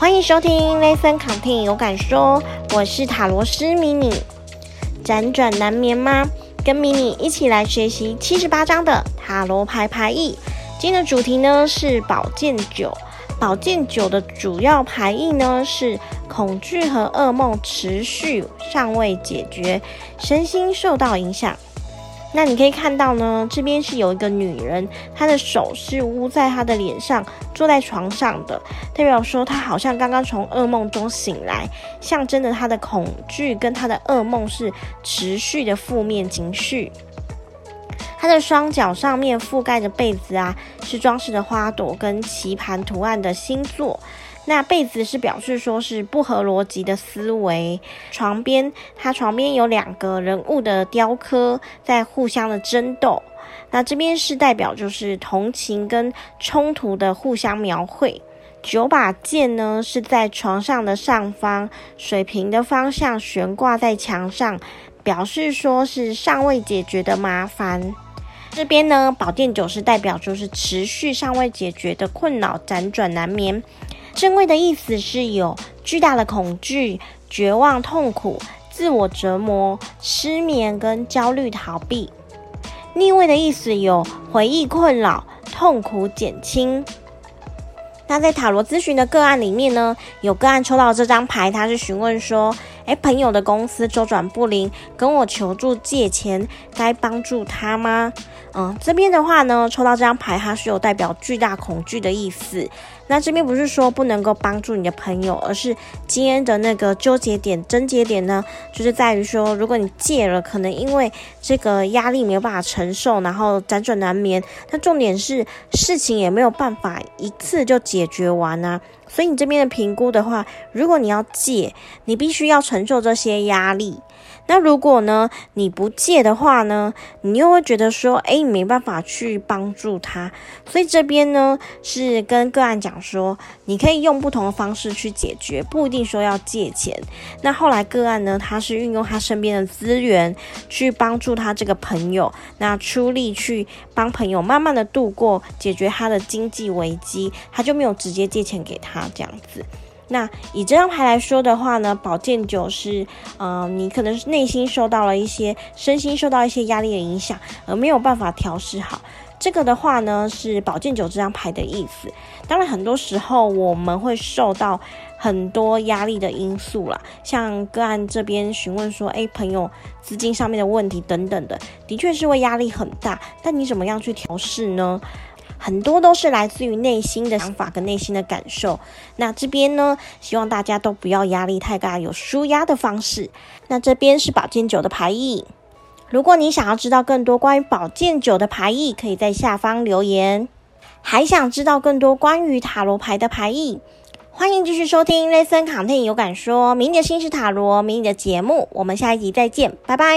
歡迎收聽《ListenContent 有感說》，我是塔羅師 Mini。輾轉難眠嗎？跟 MINI 一起來學習七十八張的塔羅牌牌意。今天的主題呢是寶劍九。寶劍九的主要牌意呢是恐懼和噩夢持續尚未解決，身心受到影響。那你可以看到呢，這邊是有一個女人，她的手是捂在她的臉上，坐在床上的，代表說她好像剛剛從噩夢中醒來，象徵着她的恐懼跟她的噩夢是持續的負面情緒。它的雙腳上面覆蓋着被子啊，是裝飾的花朵跟棋盤圖案的星座。那被子是表示說是不合邏輯的思維。床邊，它床邊有兩個人物的雕刻在互相的爭鬥。那這邊是代表就是同情跟衝突的互相描繪。九把劍呢，是在床上的上方，水平的方向懸掛在牆上，表示說是尚未解決的麻煩。這邊呢，寶劍九是代表就是持續尚未解決的困擾，輾轉難眠。正位的意思是有巨大的恐懼、絕望、痛苦、自我折磨、失眠跟焦慮、逃避。逆位的意思有回憶困擾、痛苦減輕。那在塔羅諮詢的個案裡面呢，有個案抽到這張牌，他是詢問說，哎、欸，朋友的公司周轉不靈，跟我求助借錢，該幫助他嗎？嗯，這邊的話呢，抽到這張牌，它是有代表巨大恐懼的意思。那這邊不是說不能夠幫助你的朋友，而是今天的那個糾結點、症結點呢，就是在於說，如果你戒了，可能因為這個壓力沒有辦法承受，然後輾轉難眠。那重點是事情也沒有辦法一次就解決完吶、啊。所以你這邊的評估的話，如果你要戒，你必須要承受這些壓力。那如果呢，你不借的話呢，你又會覺得說，誒，你沒辦法去幫助他。所以這邊呢，是跟個案講說，你可以用不同的方式去解決，不一定說要借錢。那後來個案呢，他是運用他身邊的資源去幫助他這個朋友，那出力去幫朋友慢慢的度過，解決他的經濟危機，他就沒有直接借錢給他這樣子。那以這張牌來說的話呢，寶劍九是，呃，你可能內心受到了一些，身心受到一些壓力的影響，而沒有辦法調試好。這個的話呢，是寶劍九這張牌的意思。當然，很多時候我們會受到很多壓力的因素啦，像個案這邊詢問說，誒、欸，朋友，資金上面的問題等等的，的確是會壓力很大。但你怎麼樣去調適呢？很多都是來自於內心的想法跟內心的感受。那這邊呢，希望大家都不要壓力太大，有舒壓的方式。那這邊是保健酒的排意。如果你想要知道更多關於保健酒的排意，可以在下方留言。還想知道更多關於塔羅牌的排意，歡迎繼續收聽《雷森卡 t 有感說》明年的新式塔羅迷你的節目。我們下一集再見，拜拜。